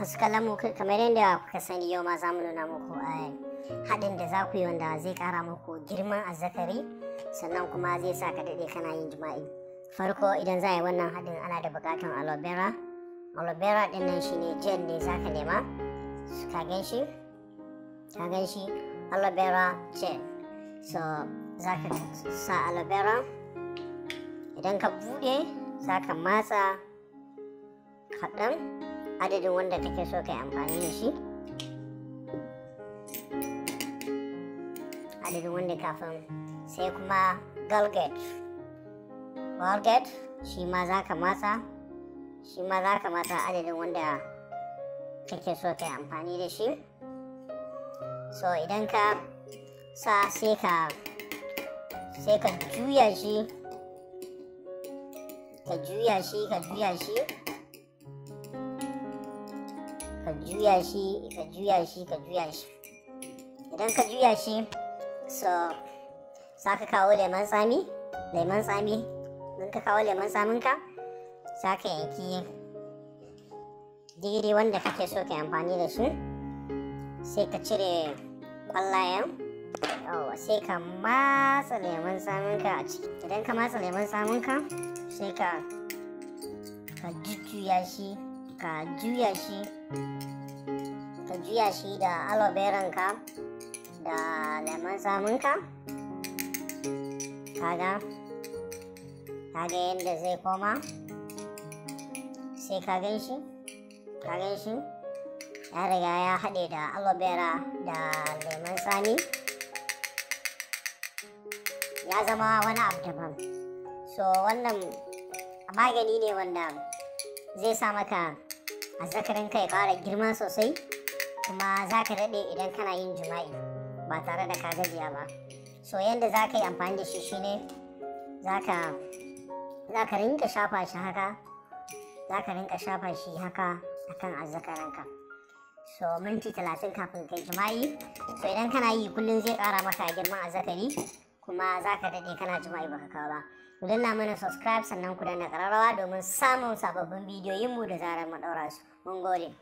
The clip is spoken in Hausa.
masu kallon mu kamar yadda kuka sani yau ma zamu nuna muku eh, haɗin da za ku yi wanda zai ƙara muku a azzakari sannan kuma zai sa ka daɗe kana yin jima'i farko idan za a yi wannan haɗin ana da buƙatar aloe vera aloe vera ɗin nan ne gel ne za ka nema ka gan shi ka gan shi aloe vera gel so za ka sa aloe vera idan ka buɗe za ka matsa kaɗan adadin wanda kake so ka yi amfani da shi adadin wanda kafin sai kuma galgate galgate shi ma za ka matsa shi ma za ka matsa adadin wanda kake so ka yi amfani da shi so idan ka sa sai ka sai ka juya shi ka juya shi ka juya shi juya shi ka juya shi ka idan ka juya shi so sa ka kawo lemon tsami lemon tsami idan ka kawo lemon tsaminka sa ka yanki digiri wanda kake so ka amfani da shi sai ka cire kwallayen sai ka matsa lemon tsaminka a ciki idan ka matsa lemon tsaminka sai ka ka jujjuya shi ka juya shi ka juya shi da aloe vera ka da lemon samunka kaga kaga yadda zai koma sai ka gan shi ka gan shi ya riga ya haɗe da aloe vera da lemon tsami ya zama wani abu daban so wannan magani ne wanda zai sa maka ka ya kara girma sosai kuma za ka daɗe idan kana yin jima'i ba tare da ka gajiya ba so yadda za ka yi amfani da shi shine za ka za ka rinka shafa shi haka za ka rinka shafa shi haka kan azzakarinka so minti talatin kafin kai jima'i so idan kana yi kullum zai kara maka girman azzakari kuma za ka daɗe kana jima'i ba ka kawo ba ku danna mana subscribe sannan ku danna ƙararrawa domin samun sababbin bidiyoyinmu da zarar mu ɗaura su mun gode